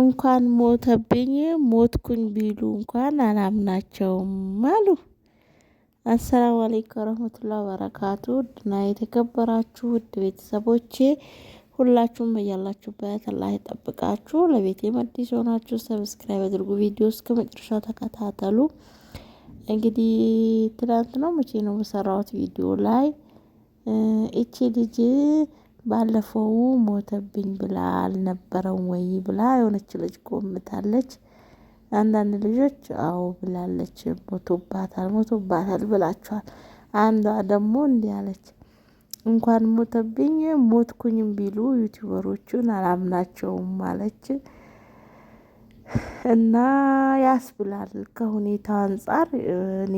እንኳን ሞተብኝ ሞትኩኝ ቢሉ እንኳን አላምናቸውም አሉ። አሰላሙ አለይኩም ወረህመቱላሂ ወበረካቱ ድና የተከበራችሁ ውድ ቤተሰቦቼ ሁላችሁም በያላችሁበት አላህ ይጠብቃችሁ። ለቤቴ አዲስ የሆናችሁ ሰብስክራይብ አድርጉ፣ ቪዲዮ እስከ መጨረሻ ተከታተሉ። እንግዲህ ትናንት ነው መቼ ነው በሰራሁት ቪዲዮ ላይ እቺ ልጅ ባለፈው ሞተብኝ ብላ አልነበረም ወይ ብላ የሆነች ልጅ ቆምታለች። አንዳንድ ልጆች አዎ ብላለች ሞቶባታል ሞቶባታል ብላችኋል። አንዷ ደግሞ እንዲህ አለች። እንኳን ሞተብኝ ሞትኩኝም ቢሉ ዩቲዩበሮቹን አላምናቸውም አለች። እና ብላል ከሁኔታው አንፃር እኔ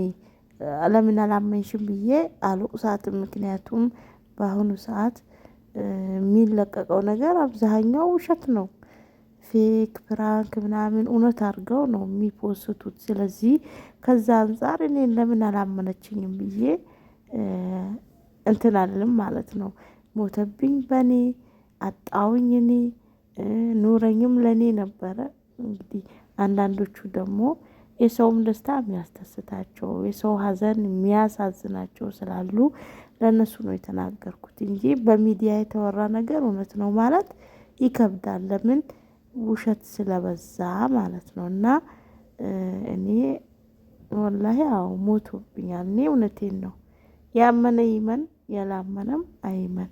ለምን አላመንሽም ብዬ አልቁሳትም። ምክንያቱም በአሁኑ ሰዓት የሚለቀቀው ነገር አብዛኛው ውሸት ነው። ፌክ ፕራንክ ምናምን እውነት አድርገው ነው የሚፖስቱት። ስለዚህ ከዛ አንጻር እኔን ለምን አላመነችኝም ብዬ እንትን አልልም ማለት ነው። ሞተብኝ በእኔ አጣውኝ እኔ ኑረኝም ለእኔ ነበረ። እንግዲህ አንዳንዶቹ ደግሞ የሰውም ደስታ የሚያስደስታቸው የሰው ሀዘን የሚያሳዝናቸው ስላሉ ለእነሱ ነው የተናገርኩት እንጂ በሚዲያ የተወራ ነገር እውነት ነው ማለት ይከብዳል። ለምን ውሸት ስለበዛ ማለት ነው። እና እኔ ወላሂ አዎ ሞቶብኛል። እኔ እውነቴን ነው። ያመነ ይመን፣ ያላመነም አይመን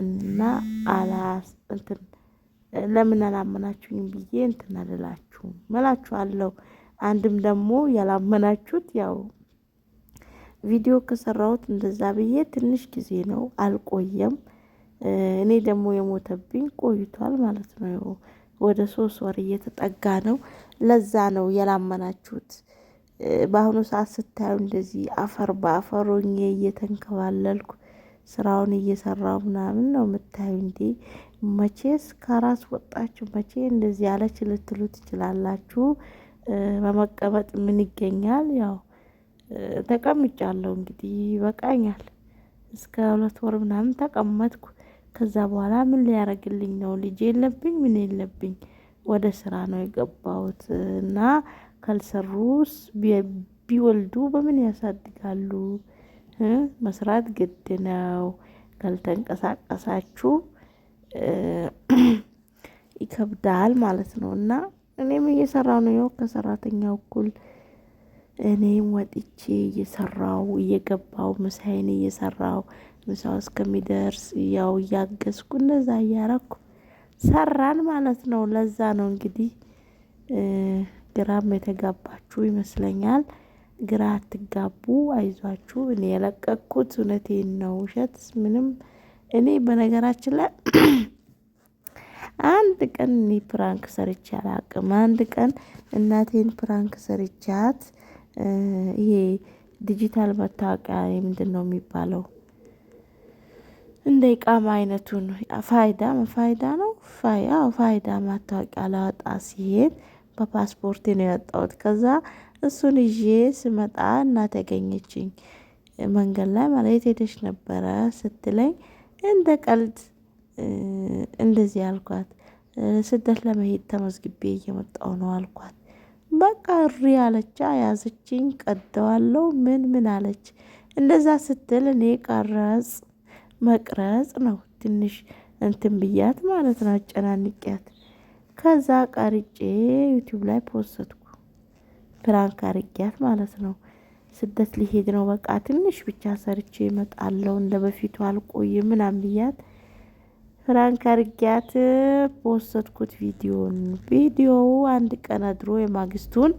እና አላስ እንትን ለምን አላመናችሁኝ ብዬ እንትን አልላችሁም እላችኋለሁ። አንድም ደግሞ ያላመናችሁት ያው ቪዲዮ ከሰራሁት እንደዛ ብዬ ትንሽ ጊዜ ነው፣ አልቆየም። እኔ ደግሞ የሞተብኝ ቆይቷል ማለት ነው። ወደ ሶስት ወር እየተጠጋ ነው። ለዛ ነው ያላመናችሁት። በአሁኑ ሰዓት ስታዩ እንደዚህ አፈር በአፈሮኜ እየተንከባለልኩ ስራውን እየሰራው ምናምን ነው የምታዩ። እንዴ መቼስ ከራስ ወጣችሁ፣ መቼ እንደዚህ ያለች ልትሉ ትችላላችሁ። በመቀመጥ ምን ይገኛል ያው ተቀምጫለሁ። እንግዲህ ይበቃኛል። እስከ ሁለት ወር ምናምን ተቀመጥኩ። ከዛ በኋላ ምን ሊያደርግልኝ ነው? ልጅ የለብኝ፣ ምን የለብኝ። ወደ ስራ ነው የገባሁት እና ካልሰሩስ ቢወልዱ በምን ያሳድጋሉ? መስራት ግድ ነው። ካልተንቀሳቀሳችሁ ይከብዳል ማለት ነው እና እኔም እየሰራ ነው ከሰራተኛ እኩል እኔም ወጥቼ እየሰራው እየገባው ምሳዬን እየሰራው ምሳው እስከሚደርስ ያው እያገዝኩ እነዛ እያረኩ ሰራን ማለት ነው። ለዛ ነው እንግዲህ ግራም የተጋባችሁ ይመስለኛል። ግራ አትጋቡ፣ አይዟችሁ። እኔ የለቀቅኩት እውነቴን ነው። ውሸት ምንም እኔ በነገራችን ላይ አንድ ቀን እኔ ፕራንክ ሰርቼ አላቅም። አንድ ቀን እናቴን ፕራንክ ሰርቻት ይሄ ዲጂታል መታወቂያ የምንድን ነው የሚባለው? እንደ ቃማ አይነቱን ፋይዳ መፋይዳ ነው ፋይዳ መታወቂያ ላወጣ ሲሄድ በፓስፖርት ነው የወጣሁት። ከዛ እሱን ይዤ ስመጣ እና ተገኘችኝ መንገድ ላይ ማለት የት ነበረ ስትለኝ እንደ ቀልድ እንደዚህ አልኳት። ስደት ለመሄድ ተመዝግቤ እየመጣው ነው አልኳት። በቃ እሪ አለች። ያዘችኝ፣ ቀደዋለው ምን ምን አለች። እንደዛ ስትል እኔ ቀረጽ መቅረጽ ነው ትንሽ እንትን ብያት ማለት ነው፣ አጨናንቂያት። ከዛ ቀርጬ ዩቲዩብ ላይ ፖስትኩ፣ ፕራንክ አርጊያት ማለት ነው። ስደት ሊሄድ ነው በቃ ትንሽ ብቻ ሰርቼ እመጣለሁ፣ እንደ በፊቱ አልቆይም ምናምን ብያት ፍራንክ አርጊያት በወሰድኩት ቪዲዮን ቪዲዮ አንድ ቀን አድሮ የማግስቱን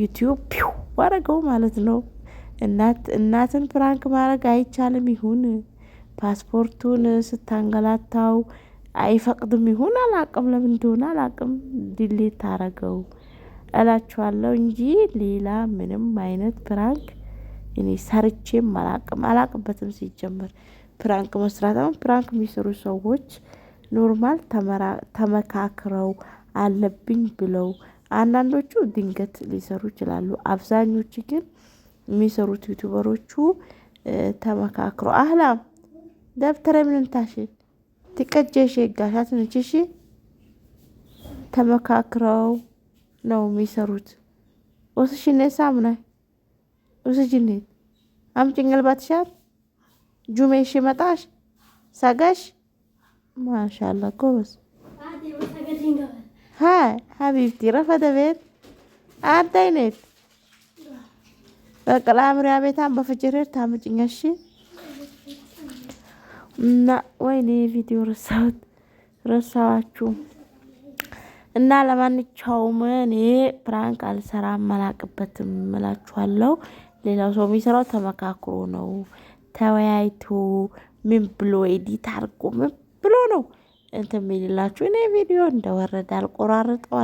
ዩቲዩብ ፒው አረገው ማለት ነው። እናት እናትን ፍራንክ ማድረግ አይቻልም ይሁን ፓስፖርቱን ስታንገላታው አይፈቅድም ይሁን አላቅም፣ ለምን እንደሆነ አላቅም። ድሌት አረገው እላችኋለሁ እንጂ ሌላ ምንም አይነት ፕራንክ እኔ ሰርቼም አላቅም አላቅበትም። ሲጀመር ፕራንክ መስራት አሁን ፕራንክ የሚሰሩ ሰዎች ኖርማል ተመካክረው አለብኝ ብለው አንዳንዶቹ ድንገት ሊሰሩ ይችላሉ። አብዛኞቹ ግን የሚሰሩት ዩቱበሮቹ ተመካክረው አህላም ደብተረ ምንንታሽ ትቀጀሽ ጋሻት ንችሽ ተመካክረው ነው የሚሰሩት ወስሽኔ ሳምናይ ውስጅኔት አምጪኝ ልበትሻል ጁሜሽ መጣሽ ሰገሽ ማሻላ ጎበዝ ሀይ ሀቢብቲ ረፈደ ቤት አዳይኔት በቃ ቤታን በፍጅሬር ታምጭኛሽ እና ወይኔ ቪዲዮ ረሳሁት ረሳዋችሁ። እና ለማንኛውም እኔ ፕራንክ አልሰራም አላቅበትም እላችኋለሁ። ሌላው ሰው የሚሰራው ተመካክሮ ነው፣ ተወያይቶ ምን ብሎ ኤዲት አድርጎ ምን ብሎ ነው እንትን የሚልላችሁ። እኔ ቪዲዮ እንደወረደ አልቆራርጠው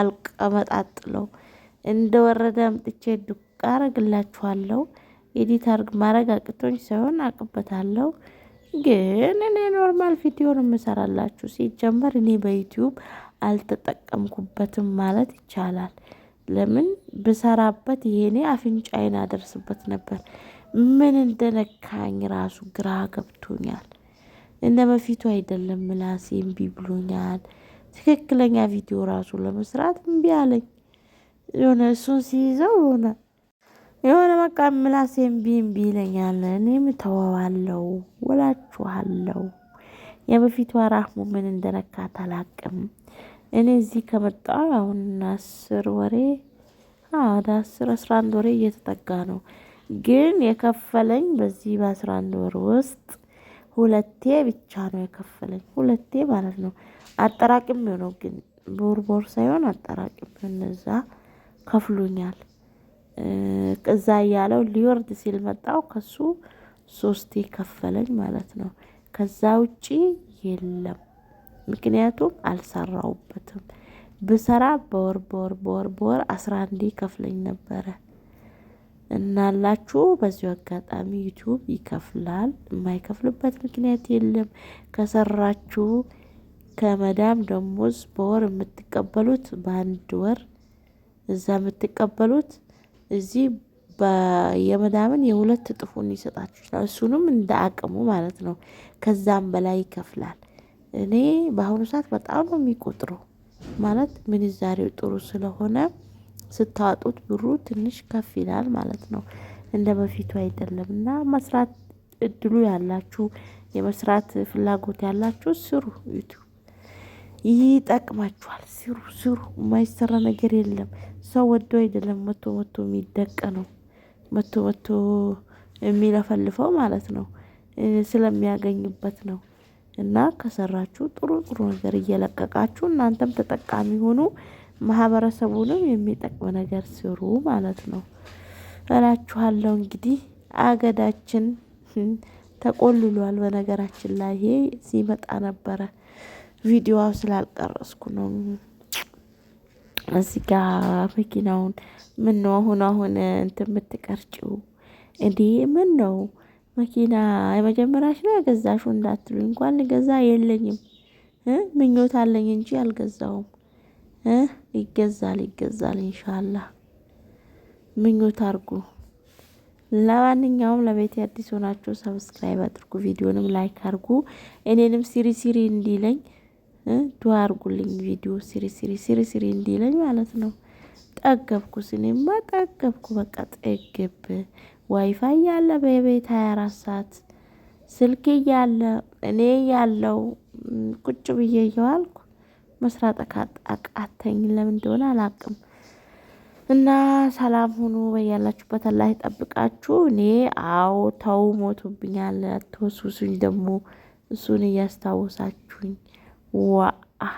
አልቀመጣጥለው እንደወረደ አምጥቼ ዱቅ አረግላችኋለሁ። ኤዲት አርግ ማድረግ አቅቶኝ ሳይሆን አቅበታለሁ። ግን እኔ ኖርማል ቪዲዮ ነው የምሰራላችሁ። ሲጀመር እኔ በዩቲዩብ አልተጠቀምኩበትም ማለት ይቻላል። ለምን ብሰራበት ይሄኔ አፍንጫዬን አደርስበት ነበር። ምን እንደነካኝ ራሱ ግራ ገብቶኛል። እንደ በፊቱ አይደለም፣ ምላሴ እምቢ ብሎኛል። ትክክለኛ ቪዲዮ ራሱ ለመስራት እምቢ አለኝ። የሆነ እሱን ሲይዘው የሆነ የሆነ በቃ ምላሴ እምቢ እምቢ ይለኛል። እኔም ተወዋለው ወላችኋለው። የበፊቱ ራህሙ ምን እንደነካት አላቅም። እኔ እዚህ ከመጣ አሁን አስር ወሬ ወደ አስር አስራ አንድ ወሬ እየተጠጋ ነው። ግን የከፈለኝ በዚህ በአስራ አንድ ወር ውስጥ ሁለቴ ብቻ ነው የከፈለኝ። ሁለቴ ማለት ነው አጠራቅም ነው ግን ቦርቦር ሳይሆን አጠራቅም እነዛ ከፍሉኛል። ቅዛ እያለው ሊወርድ ሲል መጣው ከሱ ሶስቴ ከፈለኝ ማለት ነው። ከዛ ውጪ የለም። ምክንያቱም አልሰራውበትም። ብሰራ በወር በወር በወር በወር አስራ አንድ ይከፍለኝ ነበረ። እናላችሁ በዚሁ አጋጣሚ ዩቲዩብ ይከፍላል። የማይከፍልበት ምክንያት የለም። ከሰራችሁ ከመዳም ደሞዝ በወር የምትቀበሉት በአንድ ወር እዛ የምትቀበሉት እዚህ የመዳምን የሁለት እጥፉን ይሰጣችሁ ይችላል። እሱንም እንደ አቅሙ ማለት ነው። ከዛም በላይ ይከፍላል። እኔ በአሁኑ ሰዓት በጣም ነው የሚቆጥረው። ማለት ምንዛሬው ጥሩ ስለሆነ ስታወጡት ብሩ ትንሽ ከፍ ይላል ማለት ነው። እንደ በፊቱ አይደለም እና መስራት እድሉ ያላችሁ የመስራት ፍላጎት ያላችሁ ስሩ። ዩቲዩብ ይጠቅማችኋል። ስሩ ስሩ። የማይሰራ ነገር የለም። ሰው ወዶ አይደለም መቶ መቶ የሚደቀ ነው መቶ መቶ የሚለፈልፈው ማለት ነው። ስለሚያገኝበት ነው። እና ከሰራችሁ ጥሩ ጥሩ ነገር እየለቀቃችሁ እናንተም ተጠቃሚ ሆኑ ማህበረሰቡንም የሚጠቅም ነገር ስሩ ማለት ነው እላችኋለሁ። እንግዲህ አገዳችን ተቆልሏል። በነገራችን ላይ ይሄ ሲመጣ ነበረ ቪዲዮዋ ስላልቀረስኩ ነው። እዚህ ጋ መኪናውን ምን ነው አሁን አሁን እንትን የምትቀርጭው እንዴ? ምን ነው መኪና የመጀመሪያሽ ነው የገዛሽው እንዳትሉ እንኳን ልገዛ የለኝም ምኞት አለኝ እንጂ አልገዛውም። ይገዛል ይገዛል እንሻላ ምኞት አርጉ። ለማንኛውም ለቤት አዲስ ሆናችሁ ሰብስክራይብ አድርጉ፣ ቪዲዮንም ላይክ አርጉ። እኔንም ሲሪ ሲሪ እንዲለኝ ዱአ አርጉልኝ። ቪዲዮ ሲሪ ሲሪ ሲሪ ሲሪ እንዲለኝ ማለት ነው። ጠገብኩ፣ ስኔማ ጠገብኩ፣ በቃ ጠገብ ዋይፋይ ያለ በቤት 24 ሰዓት ስልክ እያለ እኔ ያለው ቁጭ ብዬ እየዋልኩ መስራት አቃተኝ። ለምን እንደሆነ አላቅም። እና ሰላም ሁኑ በያላችሁበት፣ አላህ ይጠብቃችሁ። እኔ አዎ ተው ሞቱብኛል። አትወሱሱኝ ደግሞ እሱን እያስታወሳችሁኝ ዋአ